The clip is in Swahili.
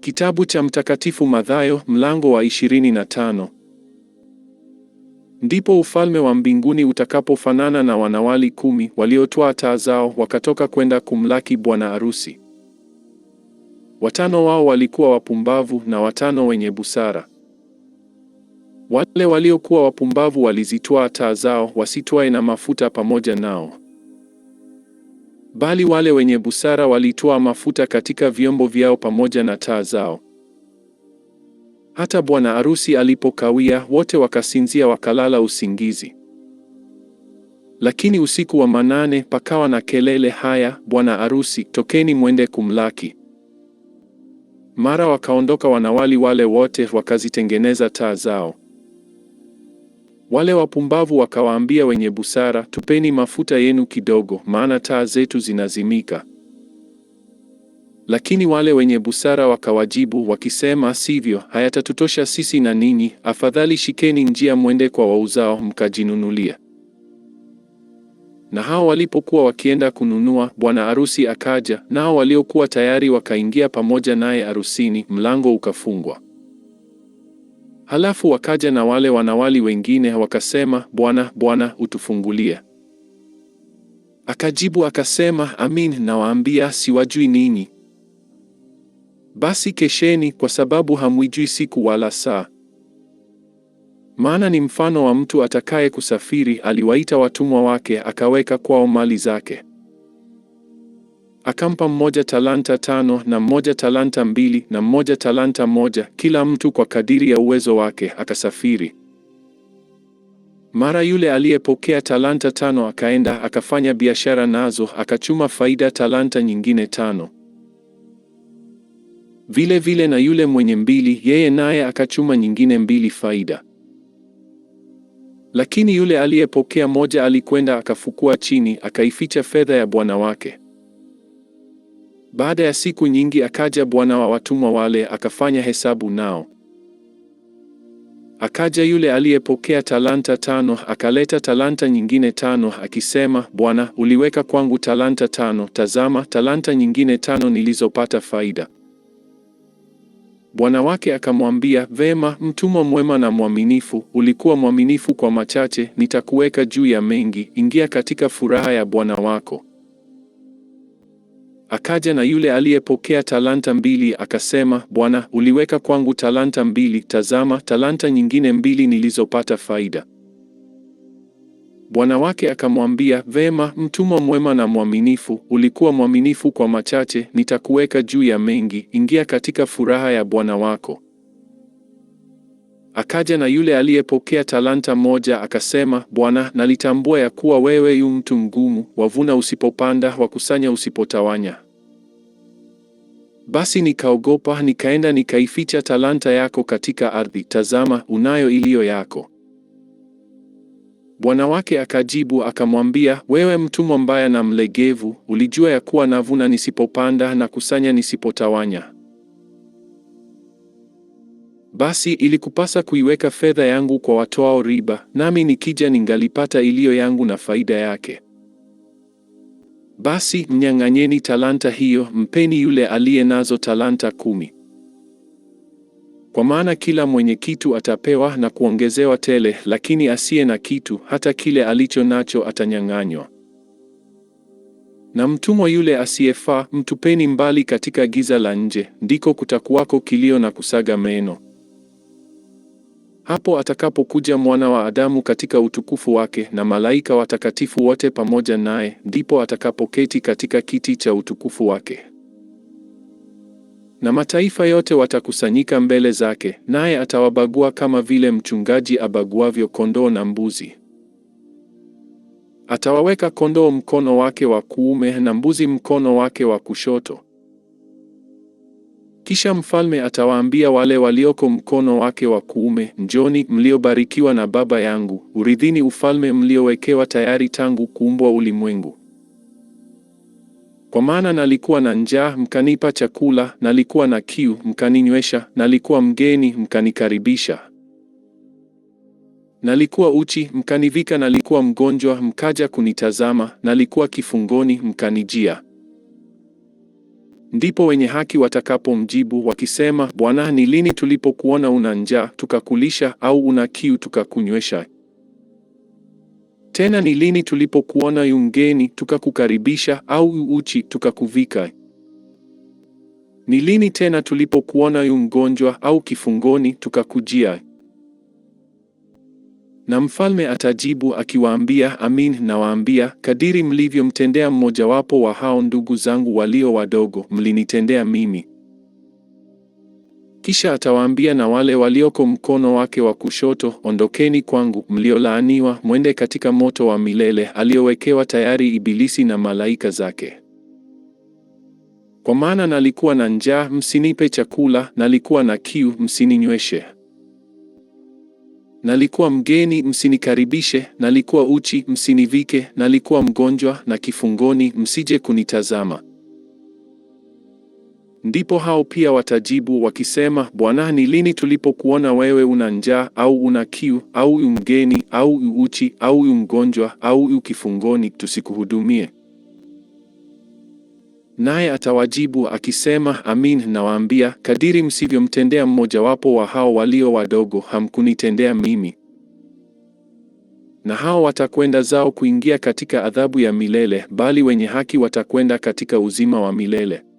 Kitabu cha Mtakatifu Mathayo mlango wa 25. Ndipo ufalme wa mbinguni utakapofanana na wanawali kumi waliotwaa taa zao wakatoka kwenda kumlaki bwana arusi. Watano wao walikuwa wapumbavu na watano wenye busara. Wale waliokuwa wapumbavu walizitwaa taa zao wasitwae na mafuta pamoja nao. Bali wale wenye busara walitoa mafuta katika vyombo vyao pamoja na taa zao. Hata bwana arusi alipokawia, wote wakasinzia wakalala usingizi. Lakini usiku wa manane pakawa na kelele, haya, bwana arusi, tokeni mwende kumlaki. Mara wakaondoka wanawali wale wote, wakazitengeneza taa zao. Wale wapumbavu wakawaambia wenye busara, tupeni mafuta yenu kidogo, maana taa zetu zinazimika. Lakini wale wenye busara wakawajibu wakisema, sivyo, hayatatutosha sisi na ninyi; afadhali shikeni njia, mwende kwa wauzao mkajinunulia. Na hao walipokuwa wakienda kununua, bwana arusi akaja, nao waliokuwa tayari wakaingia pamoja naye arusini, mlango ukafungwa. Halafu wakaja na wale wanawali wengine wakasema, Bwana, Bwana, utufungulie. Akajibu akasema, Amin nawaambia, siwajui ninyi. Basi kesheni, kwa sababu hamwijui siku wala saa. Maana ni mfano wa mtu atakaye kusafiri, aliwaita watumwa wake, akaweka kwao mali zake akampa mmoja talanta tano na mmoja talanta mbili na mmoja talanta moja, kila mtu kwa kadiri ya uwezo wake, akasafiri. Mara yule aliyepokea talanta tano akaenda akafanya biashara nazo, akachuma faida talanta nyingine tano. Vile vile na yule mwenye mbili, yeye naye akachuma nyingine mbili faida. Lakini yule aliyepokea moja alikwenda akafukua chini, akaificha fedha ya bwana wake. Baada ya siku nyingi akaja bwana wa watumwa wale, akafanya hesabu nao. Akaja yule aliyepokea talanta tano, akaleta talanta nyingine tano, akisema, Bwana, uliweka kwangu talanta tano; tazama, talanta nyingine tano nilizopata faida. Bwana wake akamwambia, Vema, mtumwa mwema na mwaminifu, ulikuwa mwaminifu kwa machache, nitakuweka juu ya mengi; ingia katika furaha ya bwana wako. Akaja na yule aliyepokea talanta mbili akasema, Bwana, uliweka kwangu talanta mbili; tazama, talanta nyingine mbili nilizopata faida. Bwana wake akamwambia, Vema, mtumwa mwema na mwaminifu, ulikuwa mwaminifu kwa machache, nitakuweka juu ya mengi; ingia katika furaha ya bwana wako. Akaja na yule aliyepokea talanta moja akasema, Bwana, nalitambua ya kuwa wewe yu mtu mgumu, wavuna usipopanda, wakusanya usipotawanya. Basi nikaogopa, nikaenda nikaificha talanta yako katika ardhi; tazama, unayo iliyo yako. Bwana wake akajibu akamwambia, wewe mtumwa mbaya na mlegevu, ulijua ya kuwa navuna nisipopanda na kusanya nisipotawanya basi ilikupasa kuiweka fedha yangu kwa watoao riba, nami nikija ningalipata iliyo yangu na faida yake. Basi mnyang'anyeni talanta hiyo, mpeni yule aliye nazo talanta kumi. Kwa maana kila mwenye kitu atapewa na kuongezewa tele, lakini asiye na kitu, hata kile alicho nacho atanyang'anywa. Na mtumwa yule asiyefaa mtupeni mbali katika giza la nje, ndiko kutakuwako kilio na kusaga meno hapo atakapokuja mwana wa Adamu katika utukufu wake na malaika watakatifu wote pamoja naye, ndipo atakapoketi katika kiti cha utukufu wake. Na mataifa yote watakusanyika mbele zake, naye atawabagua kama vile mchungaji abaguavyo kondoo na mbuzi. Atawaweka kondoo mkono wake wa kuume na mbuzi mkono wake wa kushoto. Kisha mfalme atawaambia wale walioko mkono wake wa kuume, njoni mliobarikiwa na Baba yangu, urithini ufalme mliowekewa tayari tangu kuumbwa ulimwengu. Kwa maana nalikuwa na njaa, mkanipa chakula, nalikuwa na kiu, mkaninywesha, nalikuwa mgeni, mkanikaribisha, nalikuwa uchi, mkanivika, nalikuwa mgonjwa, mkaja kunitazama, nalikuwa kifungoni, mkanijia. Ndipo wenye haki watakapomjibu wakisema, Bwana, ni lini tulipokuona una njaa tukakulisha, au una kiu tukakunywesha? Tena ni lini tulipokuona yungeni tukakukaribisha, au uchi tukakuvika? Ni lini tena tulipokuona yu mgonjwa au kifungoni tukakujia? Na mfalme atajibu akiwaambia, amin nawaambia, kadiri mlivyomtendea mmojawapo wa hao ndugu zangu walio wadogo, mlinitendea mimi. Kisha atawaambia na wale walioko mkono wake wa kushoto, ondokeni kwangu, mliolaaniwa, mwende katika moto wa milele aliyowekewa tayari Ibilisi na malaika zake. Kwa maana nalikuwa na njaa, msinipe chakula, nalikuwa na kiu, msininyweshe Nalikuwa mgeni, msinikaribishe. Nalikuwa uchi, msinivike. Nalikuwa mgonjwa na kifungoni, msije kunitazama. Ndipo hao pia watajibu wakisema, Bwana, ni lini tulipokuona wewe una njaa au una kiu au mgeni au uchi au mgonjwa au kifungoni tusikuhudumie? Naye atawajibu akisema, Amin nawaambia, kadiri msivyomtendea mmojawapo wa hao walio wadogo, hamkunitendea mimi. Na hao watakwenda zao kuingia katika adhabu ya milele, bali wenye haki watakwenda katika uzima wa milele.